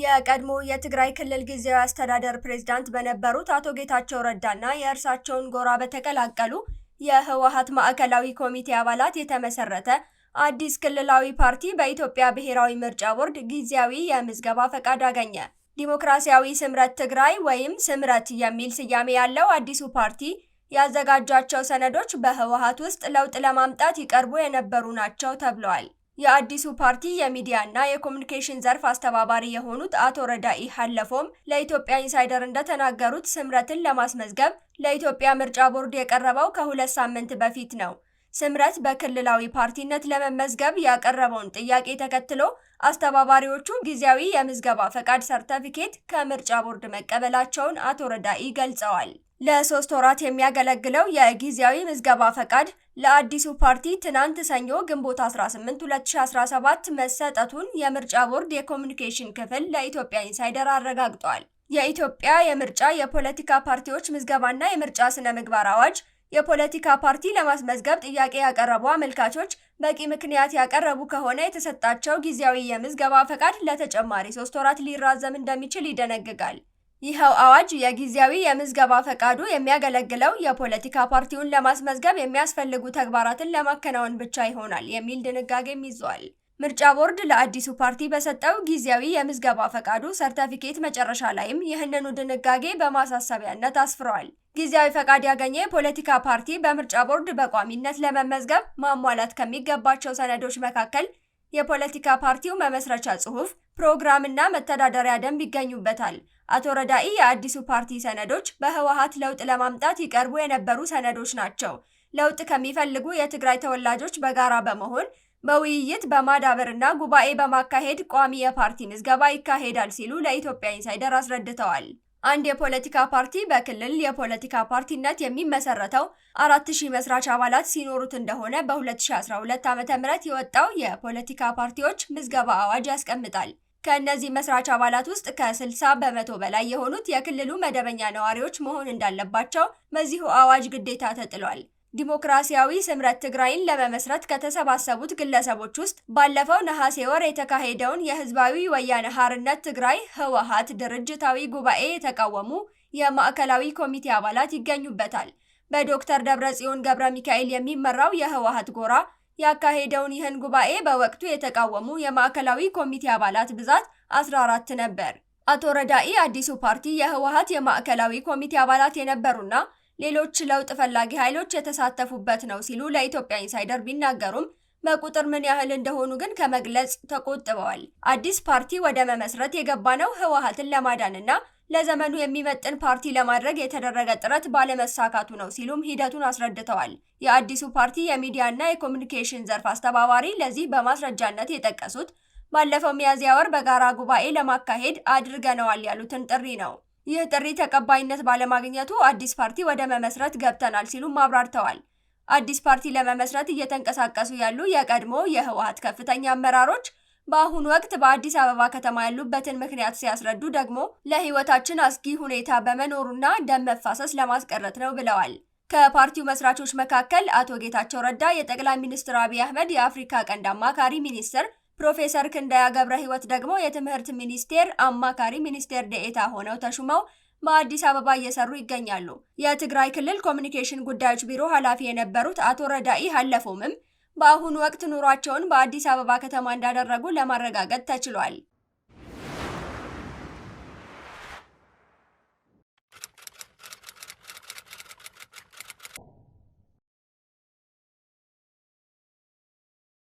የቀድሞ የትግራይ ክልል ጊዜያዊ አስተዳደር ፕሬዝዳንት በነበሩት አቶ ጌታቸው ረዳና የእርሳቸውን ጎራ በተቀላቀሉ የህወሀት ማዕከላዊ ኮሚቴ አባላት የተመሰረተ አዲስ ክልላዊ ፓርቲ በኢትዮጵያ ብሔራዊ ምርጫ ቦርድ ጊዜያዊ የምዝገባ ፈቃድ አገኘ። ዲሞክራሲያዊ ስምረት ትግራይ ወይም ስምረት የሚል ስያሜ ያለው አዲሱ ፓርቲ ያዘጋጃቸው ሰነዶች በህወሀት ውስጥ ለውጥ ለማምጣት ይቀርቡ የነበሩ ናቸው ተብለዋል። የአዲሱ ፓርቲ የሚዲያና የኮሚኒኬሽን ዘርፍ አስተባባሪ የሆኑት አቶ ረዳኢ ሀለፎም ለኢትዮጵያ ኢንሳይደር እንደተናገሩት ስምረትን ለማስመዝገብ ለኢትዮጵያ ምርጫ ቦርድ የቀረበው ከሁለት ሳምንት በፊት ነው። ስምረት በክልላዊ ፓርቲነት ለመመዝገብ ያቀረበውን ጥያቄ ተከትሎ አስተባባሪዎቹ ጊዜያዊ የምዝገባ ፈቃድ ሰርተፊኬት ከምርጫ ቦርድ መቀበላቸውን አቶ ረዳኢ ገልጸዋል። ለሶስት ወራት የሚያገለግለው የጊዜያዊ ምዝገባ ፈቃድ ለአዲሱ ፓርቲ ትናንት ሰኞ ግንቦት 18 2017 መሰጠቱን የምርጫ ቦርድ የኮሚኒኬሽን ክፍል ለኢትዮጵያ ኢንሳይደር አረጋግጧል። የኢትዮጵያ የምርጫ የፖለቲካ ፓርቲዎች ምዝገባና የምርጫ ስነ ምግባር አዋጅ የፖለቲካ ፓርቲ ለማስመዝገብ ጥያቄ ያቀረቡ አመልካቾች በቂ ምክንያት ያቀረቡ ከሆነ የተሰጣቸው ጊዜያዊ የምዝገባ ፈቃድ ለተጨማሪ ሶስት ወራት ሊራዘም እንደሚችል ይደነግጋል። ይኸው አዋጅ የጊዜያዊ የምዝገባ ፈቃዱ የሚያገለግለው የፖለቲካ ፓርቲውን ለማስመዝገብ የሚያስፈልጉ ተግባራትን ለማከናወን ብቻ ይሆናል የሚል ድንጋጌም ይዟል። ምርጫ ቦርድ ለአዲሱ ፓርቲ በሰጠው ጊዜያዊ የምዝገባ ፈቃዱ ሰርተፊኬት መጨረሻ ላይም ይህንኑ ድንጋጌ በማሳሰቢያነት አስፍሯል። ጊዜያዊ ፈቃድ ያገኘ የፖለቲካ ፓርቲ በምርጫ ቦርድ በቋሚነት ለመመዝገብ ማሟላት ከሚገባቸው ሰነዶች መካከል የፖለቲካ ፓርቲው መመስረቻ ጽሑፍ፣ ፕሮግራምና መተዳደሪያ ደንብ ይገኙበታል። አቶ ረዳኢ የአዲሱ ፓርቲ ሰነዶች በህወሓት ለውጥ ለማምጣት ይቀርቡ የነበሩ ሰነዶች ናቸው። ለውጥ ከሚፈልጉ የትግራይ ተወላጆች በጋራ በመሆን በውይይት በማዳበርና ጉባኤ በማካሄድ ቋሚ የፓርቲ ምዝገባ ይካሄዳል ሲሉ ለኢትዮጵያ ኢንሳይደር አስረድተዋል። አንድ የፖለቲካ ፓርቲ በክልል የፖለቲካ ፓርቲነት የሚመሰረተው አራት ሺህ መስራች አባላት ሲኖሩት እንደሆነ በ2012 ዓ ም የወጣው የፖለቲካ ፓርቲዎች ምዝገባ አዋጅ ያስቀምጣል። ከእነዚህ መስራች አባላት ውስጥ ከ60 በመቶ በላይ የሆኑት የክልሉ መደበኛ ነዋሪዎች መሆን እንዳለባቸው በዚሁ አዋጅ ግዴታ ተጥሏል። ዲሞክራሲያዊ ስምረት ትግራይን ለመመስረት ከተሰባሰቡት ግለሰቦች ውስጥ ባለፈው ነሐሴ ወር የተካሄደውን የህዝባዊ ወያነ ሐርነት ትግራይ ህወሓት ድርጅታዊ ጉባኤ የተቃወሙ የማዕከላዊ ኮሚቴ አባላት ይገኙበታል። በዶክተር ደብረጽዮን ገብረ ሚካኤል የሚመራው የህወሓት ጎራ ያካሄደውን ይህን ጉባኤ በወቅቱ የተቃወሙ የማዕከላዊ ኮሚቴ አባላት ብዛት 14 ነበር። አቶ ረዳኢ አዲሱ ፓርቲ የህወሓት የማዕከላዊ ኮሚቴ አባላት የነበሩና ሌሎች ለውጥ ፈላጊ ኃይሎች የተሳተፉበት ነው ሲሉ ለኢትዮጵያ ኢንሳይደር ቢናገሩም በቁጥር ምን ያህል እንደሆኑ ግን ከመግለጽ ተቆጥበዋል። አዲስ ፓርቲ ወደ መመስረት የገባ ነው ህወሀትን ለማዳንና ለዘመኑ የሚመጥን ፓርቲ ለማድረግ የተደረገ ጥረት ባለመሳካቱ ነው ሲሉም ሂደቱን አስረድተዋል። የአዲሱ ፓርቲ የሚዲያና የኮሚኒኬሽን ዘርፍ አስተባባሪ ለዚህ በማስረጃነት የጠቀሱት ባለፈው ሚያዝያ ወር በጋራ ጉባኤ ለማካሄድ አድርገነዋል ያሉትን ጥሪ ነው። ይህ ጥሪ ተቀባይነት ባለማግኘቱ አዲስ ፓርቲ ወደ መመስረት ገብተናል ሲሉም አብራርተዋል። አዲስ ፓርቲ ለመመስረት እየተንቀሳቀሱ ያሉ የቀድሞ የህወሀት ከፍተኛ አመራሮች በአሁኑ ወቅት በአዲስ አበባ ከተማ ያሉበትን ምክንያት ሲያስረዱ ደግሞ ለህይወታችን አስጊ ሁኔታ በመኖሩና ደም መፋሰስ ለማስቀረት ነው ብለዋል። ከፓርቲው መስራቾች መካከል አቶ ጌታቸው ረዳ የጠቅላይ ሚኒስትር አብይ አህመድ የአፍሪካ ቀንድ አማካሪ ሚኒስትር ፕሮፌሰር ክንዳያ ገብረ ህይወት ደግሞ የትምህርት ሚኒስቴር አማካሪ ሚኒስቴር ደኤታ ሆነው ተሹመው በአዲስ አበባ እየሰሩ ይገኛሉ። የትግራይ ክልል ኮሚኒኬሽን ጉዳዮች ቢሮ ኃላፊ የነበሩት አቶ ረዳኢ ሀለፎምም በአሁኑ ወቅት ኑሯቸውን በአዲስ አበባ ከተማ እንዳደረጉ ለማረጋገጥ ተችሏል።